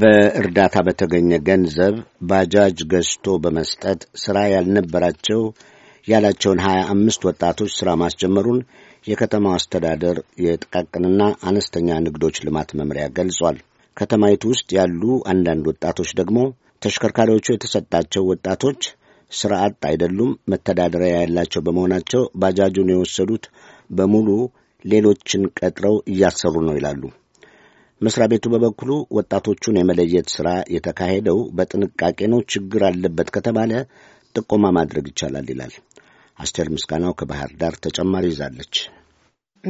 በእርዳታ በተገኘ ገንዘብ ባጃጅ ገዝቶ በመስጠት ሥራ ያልነበራቸው ያላቸውን ሀያ አምስት ወጣቶች ሥራ ማስጀመሩን የከተማው አስተዳደር የጥቃቅንና አነስተኛ ንግዶች ልማት መምሪያ ገልጿል። ከተማይቱ ውስጥ ያሉ አንዳንድ ወጣቶች ደግሞ ተሽከርካሪዎቹ የተሰጣቸው ወጣቶች ሥራ አጥ አይደሉም፣ መተዳደሪያ ያላቸው በመሆናቸው ባጃጁን የወሰዱት በሙሉ ሌሎችን ቀጥረው እያሰሩ ነው ይላሉ። መስሪያ ቤቱ በበኩሉ ወጣቶቹን የመለየት ሥራ የተካሄደው በጥንቃቄ ነው፣ ችግር አለበት ከተባለ ጥቆማ ማድረግ ይቻላል ይላል። አስቴር ምስጋናው ከባህር ዳር ተጨማሪ ይዛለች።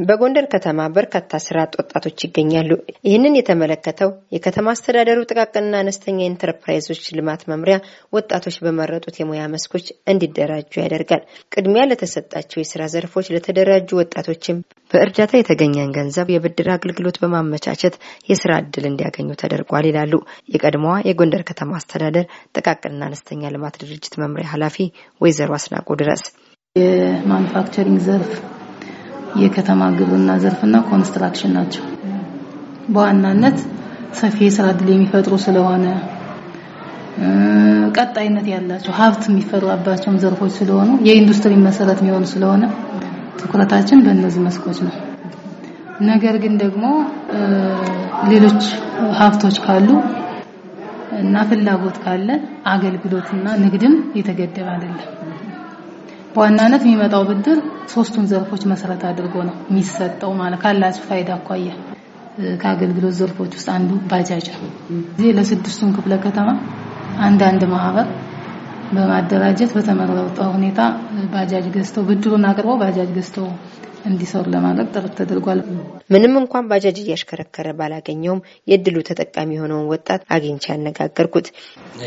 በጎንደር ከተማ በርካታ ስራ አጥ ወጣቶች ይገኛሉ። ይህንን የተመለከተው የከተማ አስተዳደሩ ጥቃቅንና አነስተኛ ኢንተርፕራይዞች ልማት መምሪያ ወጣቶች በመረጡት የሙያ መስኮች እንዲደራጁ ያደርጋል። ቅድሚያ ለተሰጣቸው የስራ ዘርፎች ለተደራጁ ወጣቶችም በእርዳታ የተገኘን ገንዘብ የብድር አገልግሎት በማመቻቸት የስራ እድል እንዲያገኙ ተደርጓል ይላሉ የቀድሞዋ የጎንደር ከተማ አስተዳደር ጥቃቅንና አነስተኛ ልማት ድርጅት መምሪያ ኃላፊ ወይዘሮ አስናቁ ድረስ የማኑፋክቸሪንግ ዘርፍ የከተማ ግብርና ዘርፍና ኮንስትራክሽን ናቸው። በዋናነት ሰፊ የስራ እድል የሚፈጥሩ ስለሆነ ቀጣይነት ያላቸው ሀብት የሚፈራባቸውም ዘርፎች ስለሆኑ የኢንዱስትሪ መሰረት የሚሆኑ ስለሆነ ትኩረታችን በእነዚህ መስኮች ነው። ነገር ግን ደግሞ ሌሎች ሀብቶች ካሉ እና ፍላጎት ካለ አገልግሎትና ንግድም የተገደበ አይደለም። በዋናነት የሚመጣው ብድር ሶስቱን ዘርፎች መሰረት አድርጎ ነው የሚሰጠው ማለት ካላችሁ ፋይዳ አኳያ ከአገልግሎት ዘርፎች ውስጥ አንዱ ባጃጅ ነው። እዚህ ለስድስቱን ክፍለ ከተማ አንዳንድ ማህበር በማደራጀት በተመረጠ ሁኔታ ባጃጅ ገዝተው ብድሩን አቅርበው ባጃጅ ገዝተው እንዲሰሩ ለማድረግ ጥረት ተደርጓል። ምንም እንኳን ባጃጅ እያሽከረከረ ባላገኘውም የእድሉ ተጠቃሚ የሆነውን ወጣት አግኝቼ ያነጋገርኩት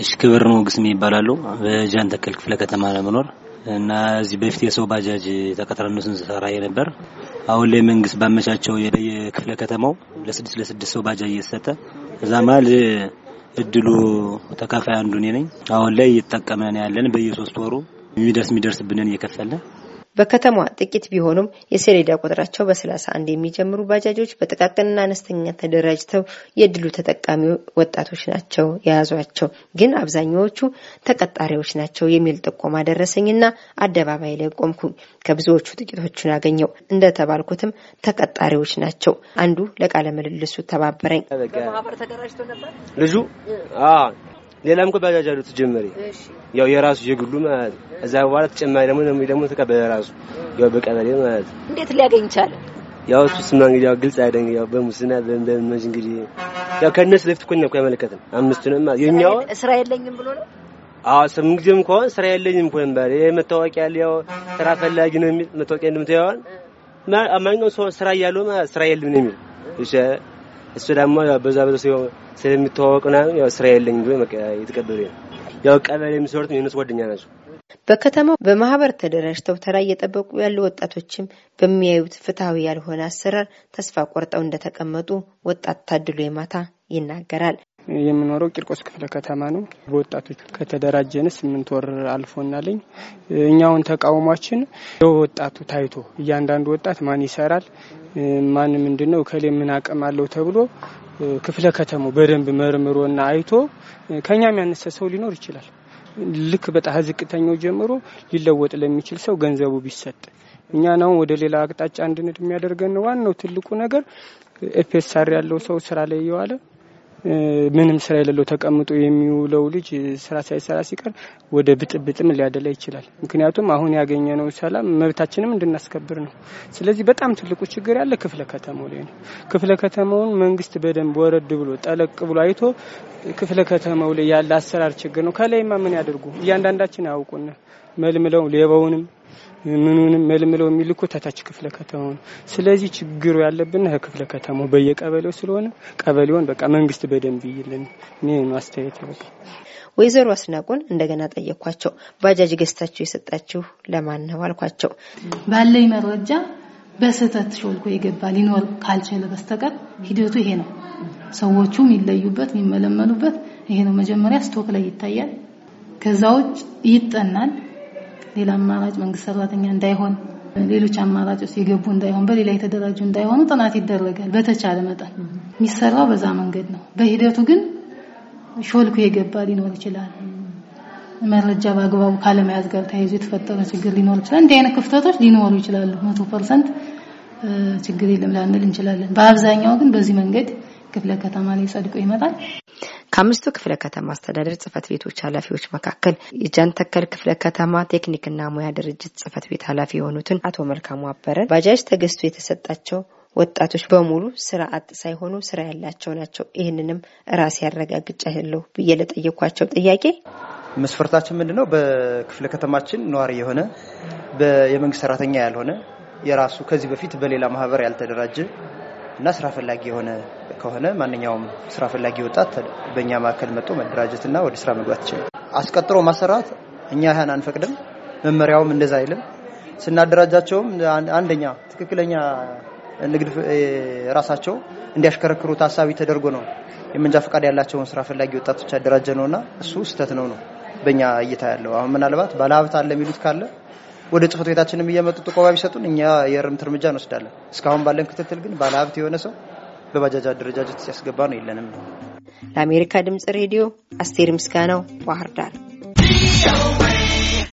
እሽ ክብር ግስሜ ይባላሉ። በጃን ተከል ክፍለ ከተማ ለመኖር እና እዚህ በፊት የሰው ባጃጅ ተቀጥረን ስንሰራ የነበር አሁን ላይ መንግስት ባመቻቸው የክፍለ ከተማው ለስድስት ለስድስት ሰው ባጃጅ እየተሰጠ እዛ መሀል እድሉ ተካፋይ አንዱ እኔ ነኝ። አሁን ላይ እየተጠቀመን ያለን በየሶስት ወሩ የሚደርስ የሚደርስብንን እየከፈለ። በከተማዋ ጥቂት ቢሆኑም የሰሌዳ ቁጥራቸው በሰላሳ አንድ የሚጀምሩ ባጃጆች በጥቃቅንና አነስተኛ ተደራጅተው የድሉ ተጠቃሚ ወጣቶች ናቸው የያዟቸው። ግን አብዛኛዎቹ ተቀጣሪዎች ናቸው የሚል ጥቆማ ደረሰኝና አደባባይ ላይ ቆምኩኝ። ከብዙዎቹ ጥቂቶቹን አገኘው። እንደተባልኩትም ተቀጣሪዎች ናቸው። አንዱ ለቃለ ምልልሱ ተባበረኝ። ልጁ ሌላም እኮ ባጃጅ አሉት ጀመሪ ያው የራሱ የግሉ ማለት እዛ በኋላ ተጨማሪ ደግሞ ነው ደግሞ ተቀበለ ራሱ ያው በቀበሌ ማለት እንዴት ሊያገኝ ቻለ? ያው እሱማ እንግዲህ ያው ግልጽ አይደለም። ያው በሙስና በመዝ እንግዲህ ያው ከእነሱ ለፊት እኮ እኛ እኮ አምስቱ ነው ማለት የኛው ስራ የለኝም ብሎ ነው። አዎ ስም ጊዜም ከሆነ ስራ የለኝም እኮ እንበል ይሄ መታወቂያ ያለ ያው ስራ ፈላጊ ነው የሚል መታወቂያ እንደምታየዋል ማንኛውም ሰው ስራ እያለው ማለት ስራ የለም ነው የሚል እሺ እሱ ደግሞ በዛ በዛ ስለሚተዋወቅ ያው ስራ የለኝ ብሎ የተቀበሉ ያው ቀበሌ የሚሰሩት የእነሱ ጓደኛ ናቸው። በከተማው በማህበር ተደራጅተው ተራ እየጠበቁ ያሉ ወጣቶችም በሚያዩት ፍትሐዊ ያልሆነ አሰራር ተስፋ ቆርጠው እንደተቀመጡ ወጣት ታድሎ የማታ ይናገራል። የምኖረው ቂርቆስ ክፍለ ከተማ ነው። በወጣቶች ከተደራጀን ስምንት ወር አልፎናለኝ። እኛውን ተቃውሟችን የወጣቱ ታይቶ እያንዳንዱ ወጣት ማን ይሰራል ማን ምንድነው ከሌ ምን አቅም አለው ተብሎ ክፍለ ከተማው በደንብ መርምሮና አይቶ ከኛም ያነሰ ሰው ሊኖር ይችላል። ልክ በጣም ዝቅተኛው ጀምሮ ሊለወጥ ለሚችል ሰው ገንዘቡ ቢሰጥ እኛን አሁን ወደ ሌላ አቅጣጫ እንድንድ የሚያደርገን ዋናው ትልቁ ነገር ኤፒኤስአር ያለው ሰው ስራ ላይ እየዋለ ምንም ስራ የሌለው ተቀምጦ የሚውለው ልጅ ስራ ሳይሰራ ሲቀር ወደ ብጥብጥም ሊያደላ ይችላል። ምክንያቱም አሁን ያገኘነው ሰላም መብታችንም እንድናስከብር ነው። ስለዚህ በጣም ትልቁ ችግር ያለ ክፍለ ከተማው ላይ ነው። ክፍለ ከተማውን መንግስት በደንብ ወረድ ብሎ ጠለቅ ብሎ አይቶ ክፍለ ከተማው ላይ ያለ አሰራር ችግር ነው። ከላይማ ምን ያደርጉ እያንዳንዳችን አያውቁን መልምለው ሌባውንም ምኑንም መልምለው የሚልኩ ተታች ክፍለ ከተማው ነው። ስለዚህ ችግሩ ያለብን ከክፍለ ከተማው በየቀበሌው ስለሆነ ቀበሌውን በቃ መንግስት በደንብ ይልን። እኔ ማስተያየት በቃ ወይዘሮ አስናቁን እንደገና ጠየኳቸው። ባጃጅ ገዝታችሁ የሰጣችሁ ለማን ነው አልኳቸው። ባለኝ መረጃ በስህተት ሾልኮ የገባ ሊኖር ካልቻለ በስተቀር ሂደቱ ይሄ ነው። ሰዎቹ የሚለዩበት የሚመለመሉበት ይሄ ነው። መጀመሪያ ስቶክ ላይ ይታያል። ከዛ ውጭ ይጠናል። ሌላ አማራጭ መንግስት ሰራተኛ እንዳይሆን ሌሎች አማራጮች የገቡ እንዳይሆን በሌላ የተደራጁ እንዳይሆኑ ጥናት ይደረጋል። በተቻለ መጠን የሚሰራው በዛ መንገድ ነው። በሂደቱ ግን ሾልኩ የገባ ሊኖር ይችላል። መረጃ በአግባቡ ካለመያዝ ጋር ተያይዞ የተፈጠረ ችግር ሊኖር ይችላል። እንዲህ አይነት ክፍተቶች ሊኖሩ ይችላሉ። መቶ ፐርሰንት ችግር የለም ላንል እንችላለን። በአብዛኛው ግን በዚህ መንገድ ክፍለ ከተማ ላይ ጸድቆ ይመጣል። ከአምስቱ ክፍለ ከተማ አስተዳደር ጽህፈት ቤቶች ኃላፊዎች መካከል የጃንተከል ክፍለ ከተማ ቴክኒክና ሙያ ድርጅት ጽህፈት ቤት ኃላፊ የሆኑትን አቶ መልካሙ አበረን ባጃጅ ተገዝቶ የተሰጣቸው ወጣቶች በሙሉ ስራ አጥ ሳይሆኑ ስራ ያላቸው ናቸው። ይህንንም ራሴ ያረጋግጫለሁ ብዬ ለጠየኳቸው ጥያቄ መስፈርታችን ምንድን ነው? በክፍለ ከተማችን ነዋሪ የሆነ የመንግስት ሰራተኛ ያልሆነ የራሱ ከዚህ በፊት በሌላ ማህበር ያልተደራጀ እና ስራ ፈላጊ የሆነ ከሆነ ማንኛውም ስራ ፈላጊ ወጣት በእኛ ማዕከል መጥቶ መደራጀትና ወደ ስራ መግባት ይችላል። አስቀጥሮ ማሰራት እኛ ይህን አንፈቅድም፣ መመሪያውም እንደዛ አይልም። ስናደራጃቸውም አንደኛ ትክክለኛ ንግድ ራሳቸው እንዲያሽከረክሩ ታሳቢ ተደርጎ ነው የመንጃ ፈቃድ ያላቸውን ስራ ፈላጊ ወጣቶች ያደራጀ ነውና እሱ ስህተት ነው ነው በእኛ እይታ ያለው። አሁን ምናልባት ባለሀብት አለ የሚሉት ካለ ወደ ጽህፈት ቤታችንም እየመጡ ጥቆማ ቢሰጡን እኛ የእርምት እርምጃ እንወስዳለን። እስካሁን ባለን ክትትል ግን ባለሀብት የሆነ ሰው በባጃጅ አደረጃጀት ሲያስገባ ነው የለንም። ለአሜሪካ ድምጽ ሬዲዮ አስቴር ምስጋናው ባህር ዳር